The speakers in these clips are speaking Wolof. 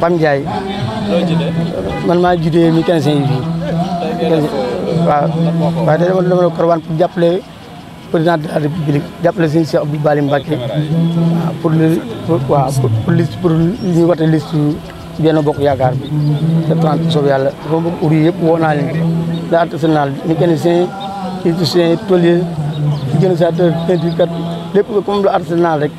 Pam Ndiaye. man maa juddee mi quinze yi fii. Euh, waaw waaye tey dama dama la korwaan pour jàppale président de la république jàppale sëñ Cheikh Abdou Bali Mbacké waaw pour li waaw pour liste pour ñu wate liste Benno Bokk Yaakaar bi te trente soob yàlla foo bëgg uri yëpp woo naa leen la artisanal mécanicien électricien tôlier organisateur peinturekat lépp comme la artisanal rek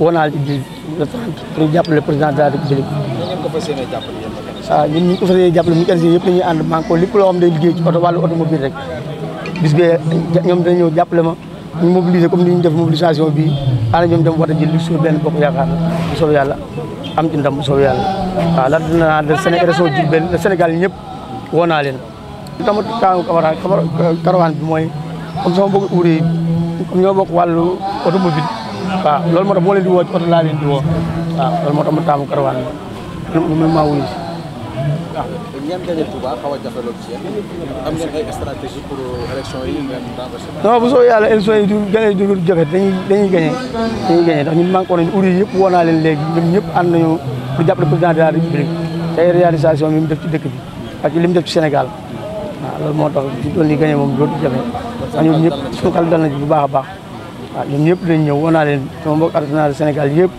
woo naa leen ci biir le trente pour jàppale président de la république nga fas yéene jàppale yéen mécanicien waaw ah, ñun ñu ko fas yéene jàppale mécanicien yëpp dañuy ànd maa ngi ko lépp loo xam day liggéey ci oto wàllu automobile rek bis bee ñoom dañu ñëw jàppale ma ñu mobiliser comme ñu def mobilisation bi ana ñoom dem war jël li suñu bokk yaakaar bu soobee yàlla am ci ndam bu soobee yàlla waaw ah, la dinaa de Sénégal région Diourbel Sénégal ñëpp woo naa leen li tax ma taamu karawaan bi mooy comme sama bokk uuri comme ñoo bokk wàllu automobile waaw loolu moo tax moo leen di woo ci oto laa leen di woo waaw loolu moo tax taamu karawaan ñoom ñoom maa wuyu si. ah ngeen daje Touba xaw a jafe loolu ci yéen am ngeen ay stratégie pour élection yi ngeen renversé. non bu soobee yàlla élection yi du gagné du jafe dañuy dañuy gagné dañuy gagné yëpp woo naa leen léegi ñëpp ànd nañu pour jàppale président de la République réalisation yi mu def ci dëkk bi ak li mu def ci Sénégal waaw moo tax fi toll nii gagné moom dootu jafe ndax ñoom ñëpp suñu xel dal na ci bu baax a baax a ñoom ñëpp dañ ñëw woo naa leen sama mbokk artisanal yëpp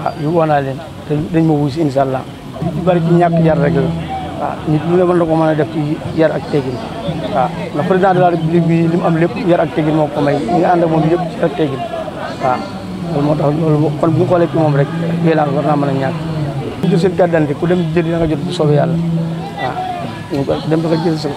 waaw yu woo naa leen te dañ ma wuy si incha allah ci bari ci ñàkk yar rek la nit lu ne war na ko mën a def yar ak teggin waaw ndax président de la bi li mu am lépp yar ak teggin moo ko may ñi nga ànd ak moom yëpp yar ak teggin waaw loolu moo tax loolu kon bu ñu xoolee ci moom rek violence war naa mën a ñàkk ñu jël seen carte d'identité ku dem jëli na nga jot bu soobee yàlla waaw ñu ko dem da nga jël sa